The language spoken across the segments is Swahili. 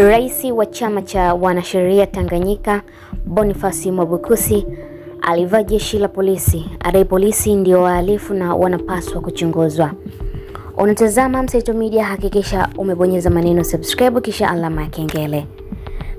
Rais wa chama cha wanasheria Tanganyika Boniface Mwabukusi alivaa jeshi la polisi, adai polisi ndio wahalifu na wanapaswa kuchunguzwa. Unatazama Mseto Media, hakikisha umebonyeza maneno subscribe kisha alama ya kengele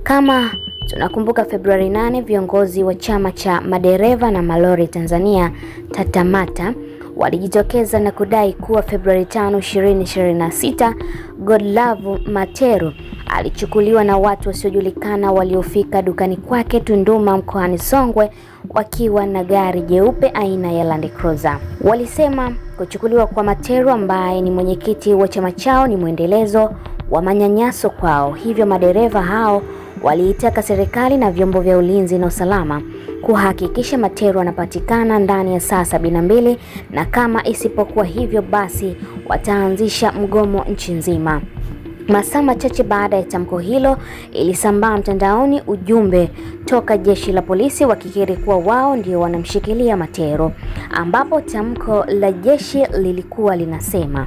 kama Tunakumbuka Februari 8 viongozi wa chama cha madereva na malori Tanzania Tatamata walijitokeza na kudai kuwa Februari 5, 2026 Godlove Materu alichukuliwa na watu wasiojulikana waliofika dukani kwake Tunduma mkoani Songwe wakiwa na gari jeupe aina ya Land Cruiser. Walisema kuchukuliwa kwa Materu ambaye ni mwenyekiti wa chama chao ni mwendelezo wa manyanyaso kwao, hivyo madereva hao waliitaka serikali na vyombo vya ulinzi na usalama kuhakikisha Materu wanapatikana ndani ya saa sabini na mbili na kama isipokuwa hivyo basi wataanzisha mgomo nchi nzima. Masaa machache baada ya tamko hilo, ilisambaa mtandaoni ujumbe toka jeshi la polisi wakikiri kuwa wao ndio wanamshikilia Materu, ambapo tamko la jeshi lilikuwa linasema: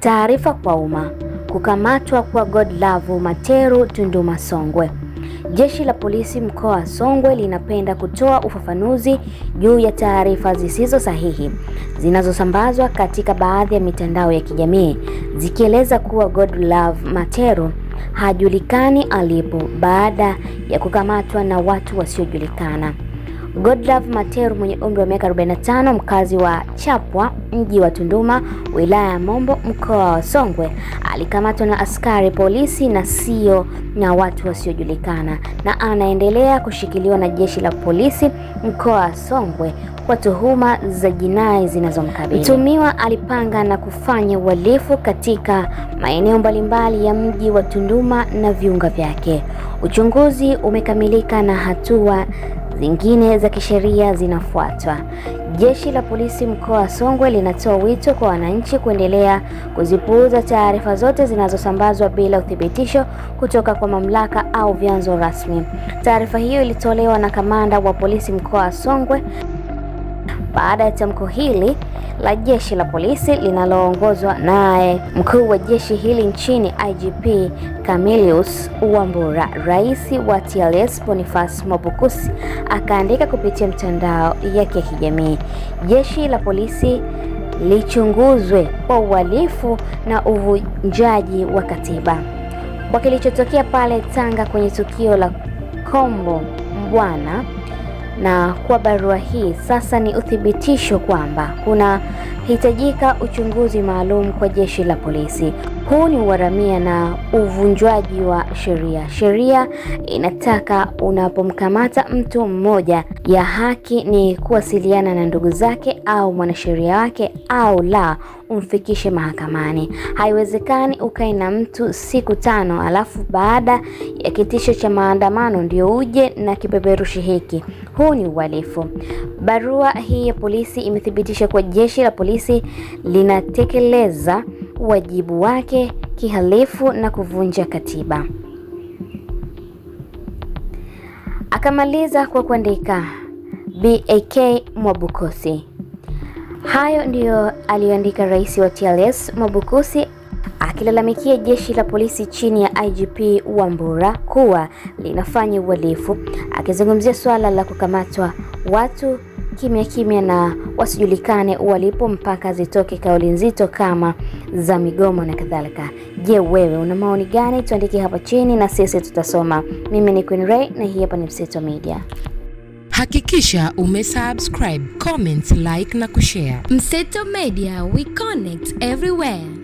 taarifa kwa umma, kukamatwa kwa Godlove Materu Tunduma Songwe. Jeshi la polisi mkoa wa Songwe linapenda kutoa ufafanuzi juu ya taarifa zisizo sahihi zinazosambazwa katika baadhi ya mitandao ya kijamii zikieleza kuwa Godlove Matero hajulikani alipo baada ya kukamatwa na watu wasiojulikana. Godlove Materu mwenye umri wa miaka 45 mkazi wa Chapwa, mji wa Tunduma, wilaya ya Mombo, mkoa wa Songwe, alikamatwa na askari polisi na sio na watu wasiojulikana na anaendelea kushikiliwa na jeshi la polisi mkoa wa Songwe kwa tuhuma za jinai zinazomkabili. Mtumiwa alipanga na kufanya uhalifu katika maeneo mbalimbali ya mji wa Tunduma na viunga vyake. Uchunguzi umekamilika na hatua zingine za kisheria zinafuatwa. Jeshi la polisi mkoa wa Songwe linatoa wito kwa wananchi kuendelea kuzipuuza taarifa zote zinazosambazwa bila uthibitisho kutoka kwa mamlaka au vyanzo rasmi. Taarifa hiyo ilitolewa na kamanda wa polisi mkoa wa Songwe baada ya tamko hili la jeshi la polisi linaloongozwa naye mkuu wa jeshi hili nchini IGP Camillus Wambura, rais wa TLS Boniface Mwabukusi akaandika kupitia mtandao yake ya kijamii, jeshi la polisi lichunguzwe kwa uhalifu na uvunjaji wa katiba kwa kilichotokea pale Tanga kwenye tukio la Kombo Mbwana na kwa barua hii sasa ni uthibitisho kwamba kunahitajika uchunguzi maalum kwa jeshi la polisi huu ni uharamia na uvunjwaji wa sheria. Sheria inataka unapomkamata mtu mmoja, ya haki ni kuwasiliana na ndugu zake au mwanasheria wake, au la umfikishe mahakamani. Haiwezekani ukae na mtu siku tano, alafu baada ya kitisho cha maandamano ndio uje na kipeperushi hiki. Huu ni uhalifu. Barua hii ya polisi imethibitisha kuwa jeshi la polisi linatekeleza wajibu wake kihalifu na kuvunja katiba. Akamaliza kwa kuandika BAK Mwabukusi. Hayo ndiyo aliyoandika rais wa TLS Mwabukusi akilalamikia jeshi la polisi chini ya IGP Wambura kuwa linafanya uhalifu, akizungumzia suala la kukamatwa watu kimya kimya na wasijulikane walipo mpaka zitoke kauli nzito kama za migomo na kadhalika. Je, wewe una maoni gani? Tuandike hapa chini na sisi tutasoma. Mimi ni Queen Ray na hii hapa ni Mseto Media. Hakikisha umesubscribe, comment, like na kushare. Mseto Media, we connect everywhere.